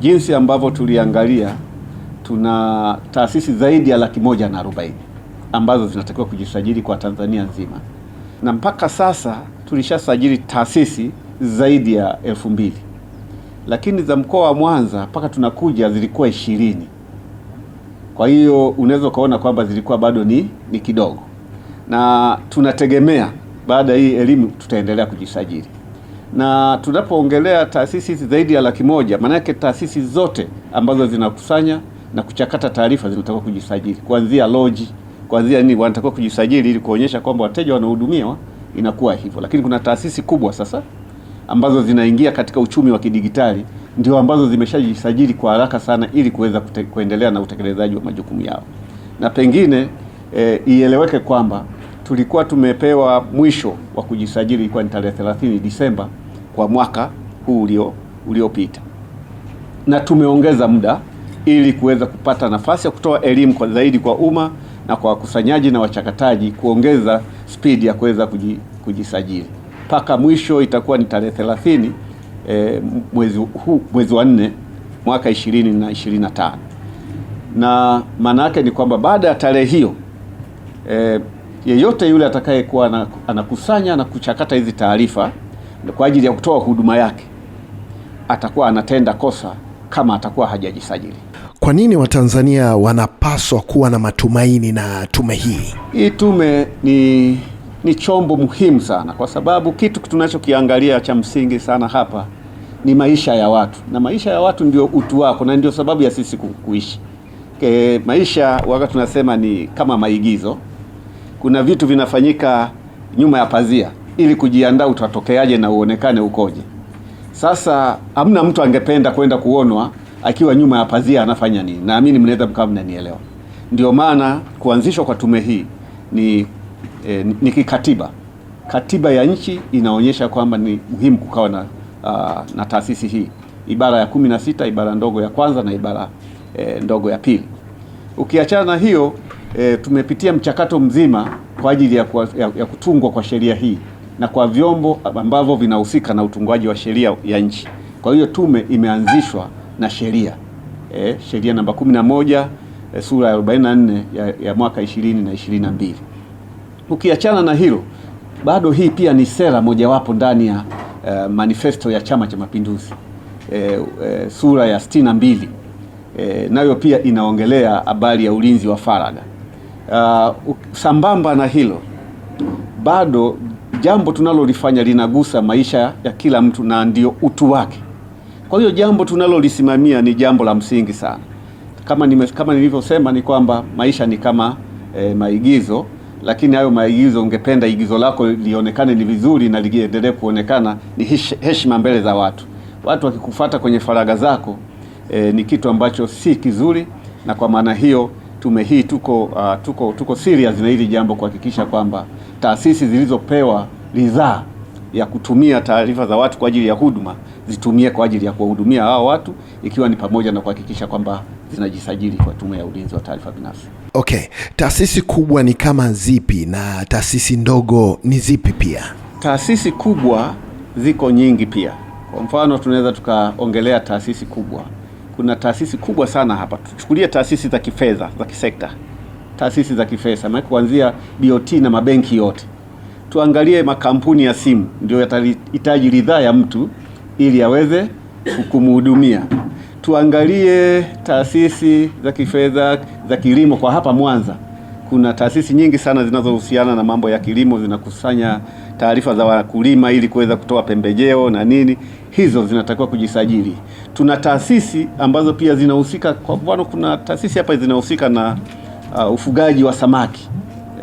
jinsi ambavyo tuliangalia, tuna taasisi zaidi ya laki moja na arobaini ambazo zinatakiwa kujisajili kwa Tanzania nzima, na mpaka sasa tulishasajili taasisi zaidi ya elfu mbili lakini za mkoa wa Mwanza mpaka tunakuja zilikuwa ishirini. Kwa hiyo unaweza ukaona kwamba zilikuwa bado ni, ni kidogo, na tunategemea baada ya hii elimu tutaendelea kujisajili na tunapoongelea taasisi hizi zaidi ya laki moja, maanake taasisi zote ambazo zinakusanya na kuchakata taarifa zinatakiwa kujisajili, kuanzia loji, kuanzia nini, wanatakiwa kujisajili ili kuonyesha kwamba wateja wanahudumiwa, inakuwa hivyo. Lakini kuna taasisi kubwa sasa ambazo zinaingia katika uchumi wa kidigitali, ndio ambazo zimeshajisajili kwa haraka sana, ili kuweza kuendelea na utekelezaji wa majukumu yao, na pengine e, ieleweke kwamba tulikuwa tumepewa mwisho wa kujisajili ilikuwa ni tarehe 30 Disemba kwa mwaka huu ulio uliopita, na tumeongeza muda ili kuweza kupata nafasi ya kutoa elimu kwa zaidi kwa umma na kwa wakusanyaji na wachakataji, kuongeza spidi ya kuweza kujisajili mpaka mwisho itakuwa ni tarehe 30 e, eh, mwezi huu mwezi wa nne mwaka 20 na 25, na maana yake ni kwamba baada ya tarehe hiyo e, yeyote yule atakayekuwa anakusanya na kuchakata hizi taarifa kwa ajili ya kutoa huduma yake atakuwa anatenda kosa kama atakuwa hajajisajili. Kwa nini Watanzania wanapaswa kuwa na matumaini na tume hii? Hii tume ni, ni chombo muhimu sana, kwa sababu kitu tunachokiangalia cha msingi sana hapa ni maisha ya watu, na maisha ya watu ndio utu wako na ndio sababu ya sisi kuishi. E, maisha waga tunasema ni kama maigizo. Kuna vitu vinafanyika nyuma ya pazia ili kujiandaa utatokeaje na uonekane ukoje. Sasa hamna mtu angependa kwenda kuonwa akiwa nyuma ya pazia anafanya nini. Naamini mnaweza mkawa mnanielewa. Ndio maana kuanzishwa kwa tume hii ni e, ni kikatiba. Katiba ya nchi inaonyesha kwamba ni muhimu kukawa na, a, ah, na taasisi hii, ibara ya kumi na sita ibara ndogo ya kwanza na ibara e, ndogo ya pili. Ukiachana na hiyo e, tumepitia mchakato mzima kwa ajili ya, ya, ya kutungwa kwa sheria hii na kwa vyombo ambavyo vinahusika na utungwaji wa sheria ya nchi. Kwa hiyo tume imeanzishwa na sheria e, sheria namba 11 e, sura ya 44 ya, ya mwaka 20 na 22. Ukiachana na hilo, bado hii pia ni sera mojawapo ndani ya eh, manifesto ya Chama cha Mapinduzi e, e, sura ya 62 e, nayo pia inaongelea habari ya ulinzi wa faragha. Uh, sambamba na hilo bado jambo tunalolifanya linagusa maisha ya kila mtu na ndio utu wake. Kwa hiyo jambo tunalolisimamia ni jambo la msingi sana. Kama nime, kama nilivyosema ni kwamba maisha ni kama e, maigizo, lakini hayo maigizo ungependa igizo lako lionekane ni vizuri na liendelee kuonekana ni heshima mbele za watu. Watu wakikufata kwenye faraga zako e, ni kitu ambacho si kizuri, na kwa maana hiyo tume hii tuko, uh, tuko, tuko serious na hili jambo kuhakikisha kwamba taasisi zilizopewa ridhaa ya kutumia taarifa za watu kwa ajili ya huduma zitumie kwa ajili ya kuwahudumia hao watu ikiwa ni pamoja na kuhakikisha kwamba zinajisajili kwa Tume ya Ulinzi wa Taarifa Binafsi. Okay, taasisi kubwa ni kama zipi na taasisi ndogo ni zipi? Pia taasisi kubwa ziko nyingi pia. Kwa mfano tunaweza tukaongelea taasisi kubwa kuna taasisi kubwa sana hapa. Tuchukulie taasisi za kifedha za kisekta, taasisi za kifedha, maana kuanzia BOT na mabenki yote. Tuangalie makampuni ya simu, ndio yatahitaji ridhaa ya mtu ili aweze kumhudumia. Tuangalie taasisi za kifedha za kilimo kwa hapa Mwanza kuna taasisi nyingi sana zinazohusiana na mambo ya kilimo zinakusanya taarifa za wakulima ili kuweza kutoa pembejeo na nini, hizo zinatakiwa kujisajili. Tuna taasisi ambazo pia zinahusika, kwa mfano kuna taasisi hapa zinahusika na uh, ufugaji wa samaki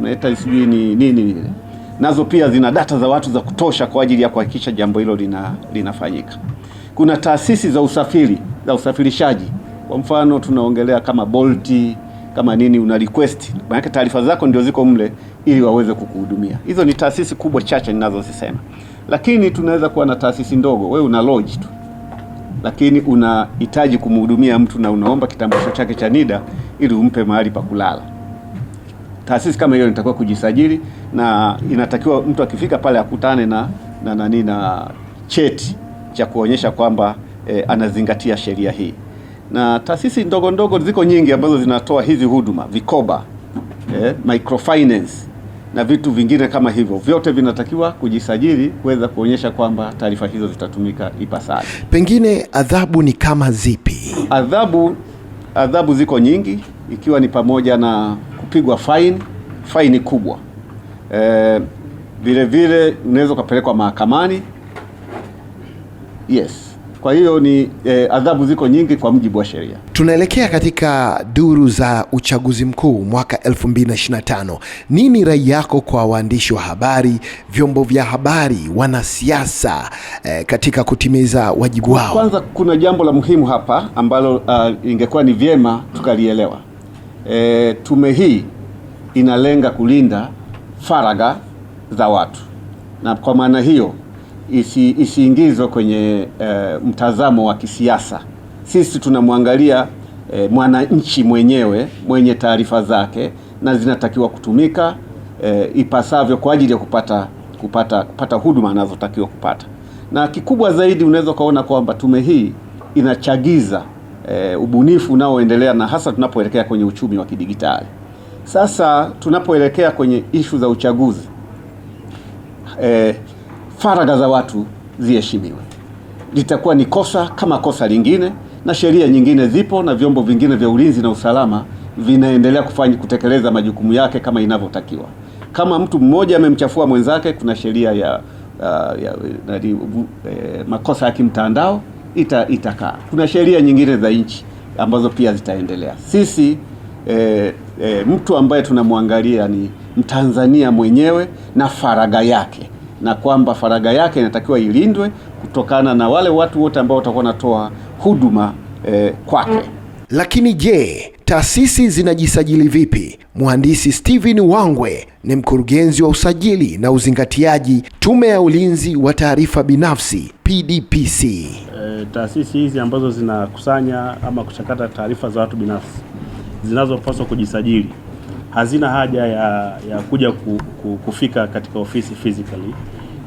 naita sijui ni nini ile, nazo pia zina data za watu za kutosha kwa ajili ya kuhakikisha jambo hilo lina, linafanyika. Kuna taasisi za usafiri za usafirishaji, kwa mfano tunaongelea kama Bolti kama nini una request, maana taarifa zako ndio ziko mle ili waweze kukuhudumia. Hizo ni taasisi kubwa chache ninazozisema, lakini tunaweza kuwa na taasisi ndogo, wewe una lodge tu, lakini unahitaji kumhudumia mtu na unaomba kitambulisho chake cha NIDA ili umpe mahali pa kulala. Taasisi kama hiyo inatakiwa kujisajili, na inatakiwa mtu akifika pale akutane na na nani na cheti cha kuonyesha kwamba eh, anazingatia sheria hii na taasisi ndogo ndogo ziko nyingi ambazo zinatoa hizi huduma vikoba, eh, microfinance na vitu vingine kama hivyo, vyote vinatakiwa kujisajili kuweza kuonyesha kwamba taarifa hizo zitatumika ipasavyo. Pengine adhabu ni kama zipi? Adhabu, adhabu ziko nyingi ikiwa ni pamoja na kupigwa faini, faini kubwa vilevile, eh, vile unaweza ukapelekwa mahakamani. Yes, kwa hiyo ni eh, adhabu ziko nyingi kwa mujibu wa sheria. Tunaelekea katika duru za uchaguzi mkuu mwaka 2025. Nini rai yako kwa waandishi wa habari, vyombo vya habari, wanasiasa eh, katika kutimiza wajibu wao? Kwanza kuna jambo la muhimu hapa ambalo uh, ingekuwa ni vyema tukalielewa. E, tume hii inalenga kulinda faragha za watu na kwa maana hiyo isi, isiingizwe kwenye e, mtazamo wa kisiasa. Sisi tunamwangalia e, mwananchi mwenyewe mwenye taarifa zake na zinatakiwa kutumika e, ipasavyo kwa ajili ya kupata, kupata, kupata huduma anazotakiwa kupata, na kikubwa zaidi unaweza ukaona kwamba tume hii inachagiza e, ubunifu unaoendelea na hasa tunapoelekea kwenye uchumi wa kidigitali. Sasa tunapoelekea kwenye ishu za uchaguzi e, faragha za watu ziheshimiwe. Litakuwa ni kosa kama kosa lingine, na sheria nyingine zipo na vyombo vingine vya ulinzi na usalama vinaendelea kufanya kutekeleza majukumu yake kama inavyotakiwa. Kama mtu mmoja amemchafua mwenzake, kuna sheria ya, uh, ya, ya, ya eh, makosa ya kimtandao ita, itakaa. Kuna sheria nyingine za nchi ambazo pia zitaendelea. Sisi eh, eh, mtu ambaye tunamwangalia ni Mtanzania mwenyewe na faragha yake na kwamba faragha yake inatakiwa ilindwe kutokana na wale watu wote ambao watakuwa wanatoa huduma eh, kwake. Lakini je, taasisi zinajisajili vipi? Mhandisi Steven Wangwe ni mkurugenzi wa usajili na uzingatiaji Tume ya Ulinzi wa Taarifa Binafsi PDPC. E, eh, taasisi hizi ambazo zinakusanya ama kuchakata taarifa za watu binafsi zinazopaswa kujisajili hazina haja ya, ya kuja ku, ku, kufika katika ofisi physically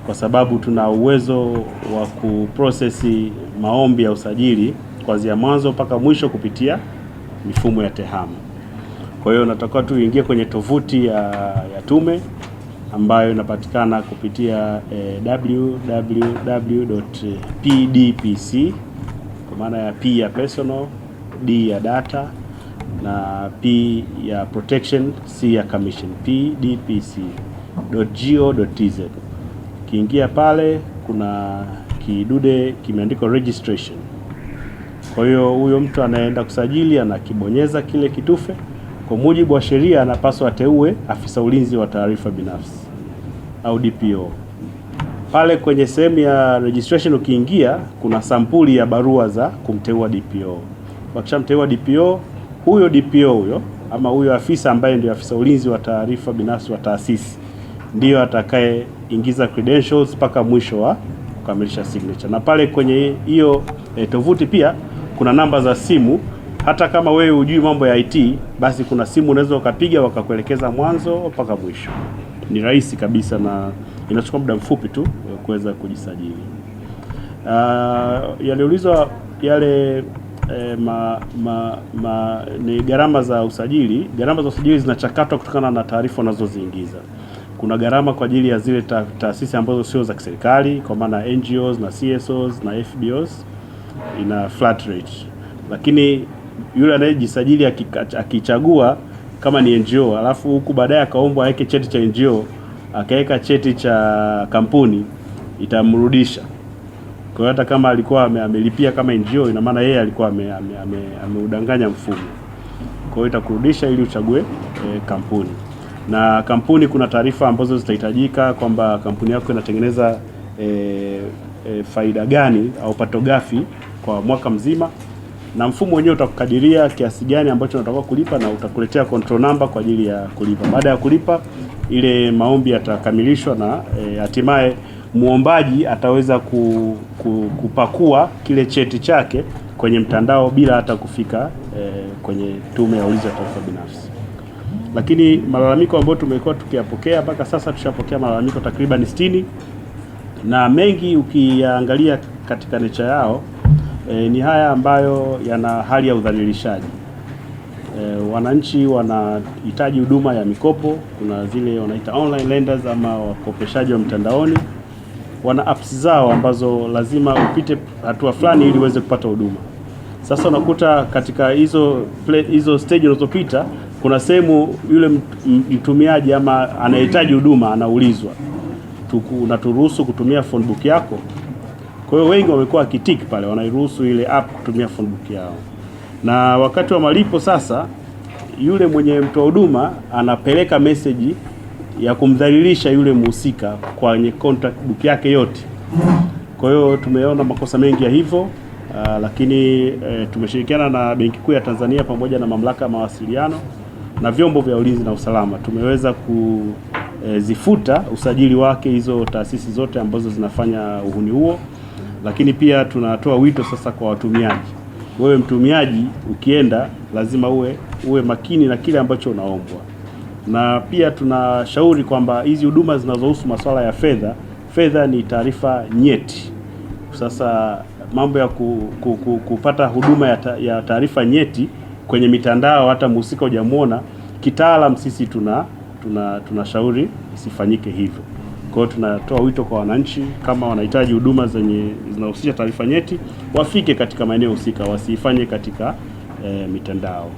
kwa sababu tuna uwezo wa kuprosesi maombi ya usajili kuanzia mwanzo mpaka mwisho kupitia mifumo ya TEHAMA. Kwa hiyo natakiwa tu uingie kwenye tovuti ya, ya tume ambayo inapatikana kupitia eh, www.pdpc kwa maana ya P ya personal, D ya data na P ya protection, C ya commission, pdpc.go.tz. Ukiingia pale kuna kidude kimeandikwa registration. Kwa hiyo huyo mtu anaenda kusajili anakibonyeza kile kitufe. Kwa mujibu wa sheria, anapaswa ateue afisa ulinzi wa taarifa binafsi au DPO. Pale kwenye sehemu ya registration ukiingia, kuna sampuli ya barua za kumteua DPO. Wakishamteua DPO huyo DPO huyo ama huyo afisa ambaye ndio afisa ulinzi wa taarifa binafsi wa taasisi ndiyo atakayeingiza credentials mpaka mwisho wa kukamilisha signature. Na pale kwenye hiyo e, tovuti pia kuna namba za simu. Hata kama wewe hujui mambo ya IT, basi kuna simu unaweza ukapiga wakakuelekeza mwanzo mpaka mwisho. Ni rahisi kabisa na inachukua muda mfupi tu eh, kuweza kujisajili. Uh, yaliulizwa yale eh, ma, ma, ma, ni gharama za usajili. Gharama za usajili zinachakatwa kutokana na taarifa unazoziingiza. Kuna gharama kwa ajili ya zile ta, taasisi ambazo sio za kiserikali kwa maana NGOs na CSOs na FBOs ina flat rate, lakini yule anayejisajili akichagua kama ni NGO alafu huku baadaye akaombwa aweke cheti cha NGO akaweka cheti cha kampuni itamrudisha kwa hiyo hata kama alikuwa amelipia kama NGO, ina maana yeye alikuwa ameudanganya mfumo. Kwa hiyo itakurudisha ili uchague e, kampuni na kampuni, kuna taarifa ambazo zitahitajika kwamba kampuni yako inatengeneza e, e, faida gani au pato gafi kwa mwaka mzima, na mfumo wenyewe utakukadiria kiasi gani ambacho unatakiwa kulipa na utakuletea control number kwa ajili ya kulipa. Baada ya kulipa, ile maombi yatakamilishwa na hatimaye e, muombaji ataweza ku, ku, kupakua kile cheti chake kwenye mtandao bila hata kufika eh, kwenye Tume ya Ulinzi wa Taarifa Binafsi. Lakini malalamiko ambayo tumekuwa tukiyapokea mpaka sasa, tushapokea malalamiko takriban sitini na mengi ukiyaangalia katika necha yao e, ni haya ambayo yana hali ya udhalilishaji. E, wananchi wanahitaji huduma ya mikopo, kuna zile wanaita online lenders ama wakopeshaji wa mtandaoni wana apps zao ambazo lazima upite hatua fulani ili uweze kupata huduma. Sasa unakuta katika hizo hizo stage unazopita kuna sehemu yule mtumiaji ama anahitaji huduma anaulizwa, unaturuhusu kutumia phone book yako? Kwa hiyo wengi wamekuwa wakitik pale, wanairuhusu ile app kutumia phone book yao, na wakati wa malipo sasa yule mwenye mtoa huduma anapeleka meseji ya kumdhalilisha yule mhusika kwenye contract book yake yote. Kwa hiyo tumeona makosa mengi ya hivyo. Uh, lakini eh, tumeshirikiana na Benki Kuu ya Tanzania pamoja na Mamlaka ya Mawasiliano na vyombo vya ulinzi na usalama tumeweza kuzifuta eh, usajili wake hizo taasisi zote ambazo zinafanya uhuni huo. Lakini pia tunatoa wito sasa kwa watumiaji, wewe mtumiaji ukienda lazima uwe, uwe makini na kile ambacho unaombwa na pia tunashauri kwamba hizi huduma zinazohusu masuala ya fedha, fedha ni taarifa nyeti. Sasa mambo ya ku, ku, ku, kupata huduma ya taarifa nyeti kwenye mitandao hata mhusika hujamwona, kitaalam sisi tuna tunashauri tuna isifanyike hivyo. Kwa hiyo tunatoa wito kwa wananchi, kama wanahitaji huduma zenye zinahusisha taarifa nyeti, wafike katika maeneo husika, wasifanye katika eh, mitandao.